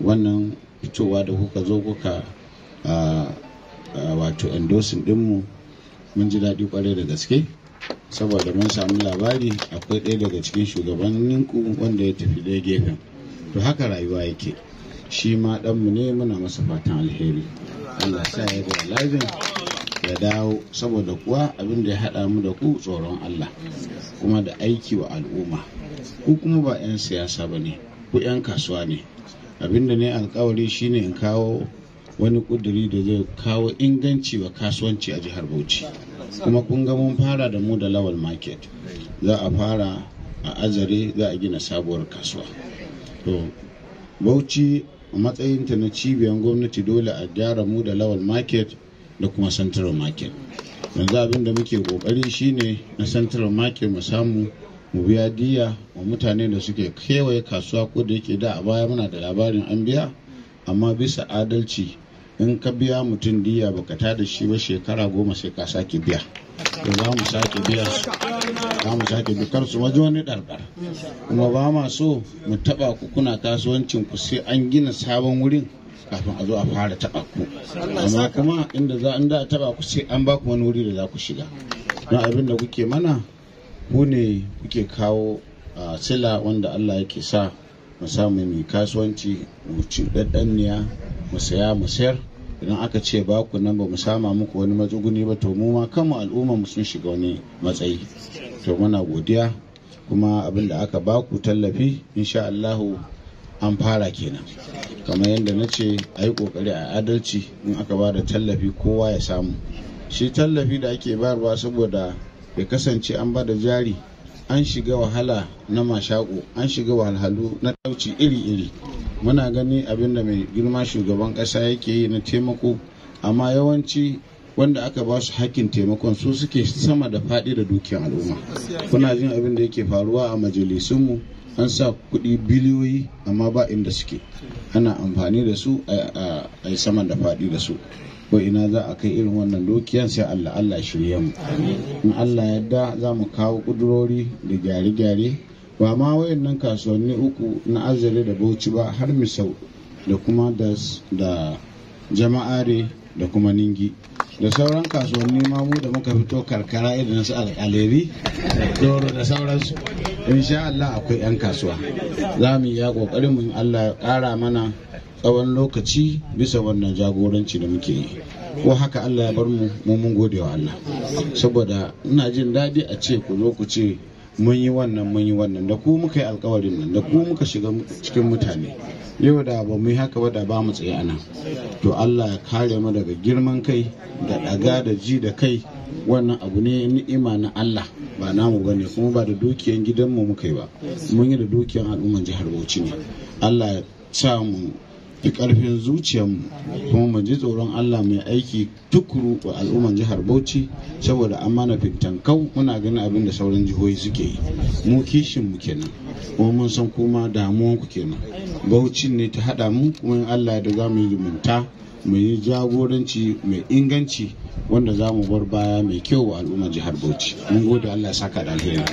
wannan fitowa da kuka zo kuka wato endorsing dinmu mun ji daɗi kwarai da gaske saboda mun samu labari akwai ɗaya daga cikin shugabannin ku wanda ya tafi ɗaya gefen to haka rayuwa yake shi ma ɗanmu ne muna masa fatan alheri allah sa ya ga lafin ya dawo saboda kuwa abin da ya haɗa mu da ku tsoron allah kuma da aiki wa al'umma ku kuma ba 'yan siyasa ba ne ku 'yan kasuwa ne abinda ne alkawari shine in kawo wani kuduri da zai kawo inganci wa kasuwanci a jihar bauchi kuma kun ga mun fara da mu da lawal market za a fara a azare za a gina sabuwar kasuwa to bauchi a matsayinta na cibiyar gwamnati dole a gyara mu da lawal market da kuma central market yanzu abin da muke kokari shine na central market mu samu mu biya diya wa mutane da suke kewaye kasuwa ko da yake da a baya muna da labarin an biya amma bisa adalci in ka biya mutum diya baka ta da shi ba shekara goma sai ka sake biya da za mu sake biya za mu sake bikar su waje wani ɗarɗar kuma ba ma so mu taɓa ku kuna kasuwancin ku sai an gina sabon wurin kafin a zo a fara taɓa ku amma kuma inda za a da taɓa ku sai an ba ku wani wuri da za ku shiga don abin da kuke mana ku ne kuke kawo a sila wanda allah yake sa mu samu mai kasuwanci mu ci ɗaɗɗanniya mu saya mu sayar idan aka ce ba ku nan ba mu sama muku wani matsuguni ba to mu ma kanmu al'umma mu sun shiga wani matsayi to muna godiya kuma abin da aka ba ku tallafi insha Allahu an fara kenan kamar yadda na ce a yi kokari a adalci in aka ba da tallafi kowa ya samu shi tallafi da ake bayarwa saboda ya kasance an ba da jari an shiga wahala na mashaƙo an shiga wahalhalu na ɗauci iri-iri muna gani abin da mai girma shugaban ƙasa yake yi na taimako amma yawanci wanda aka ba su hakkin taimakon su suke sama da faɗi da dukiyar al'umma kuna jin abin da yake faruwa a majalisunmu an sa kuɗi biliyoyi amma ba inda suke ana amfani da su a yi saman da faɗi da su ko ina za a kai irin wannan dukiyan sai Allah Allah shirye mu in Allah yadda za mu kawo kudurori da gyare-gyare ba ma wayannan kasuwanni uku na azare da bauchi ba har misau da kuma da jama'are da kuma ningi da sauran kasuwanni ma mu da muka fito karkara irin su alƙaleri doro da sauransu insha Allah akwai 'yan kasuwa za mu yi ya kokarin mu Allah ya ƙara mana tsawon lokaci bisa wannan jagoranci da muke yi ko haka Allah ya bar mu mun gode wa Allah saboda ina jin daɗi a ce ku zo ku ce mun yi wannan mun yi wannan da ku muka yi alkawarin nan da ku muka shiga cikin mutane yau da ba mu yi haka ba da ba mu tsaye anan to Allah ya kare mu daga girman kai da ɗaga da ji da kai wannan abu ne ni'ima na Allah ba namu ba ne kuma ba da dukiyan gidanmu muka yi ba mun yi da dukiyan al'umman jihar Bauchi ne Allah ya sa mu da ƙarfin zuciyarmu kuma mu ji tsoron Allah mai aiki tukuru wa al'umman jihar Bauchi saboda amana kau muna ganin abin da sauran jihohi suke yi mu kishin mu kenan kuma mun san kuma damuwan ku kenan Bauchi ne ta hada mu kuma in Allah da za mu yi zumunta mu yi jagoranci mai inganci wanda za mu bar baya mai kyau wa al'umman jihar Bauchi mun gode Allah ya saka da alheri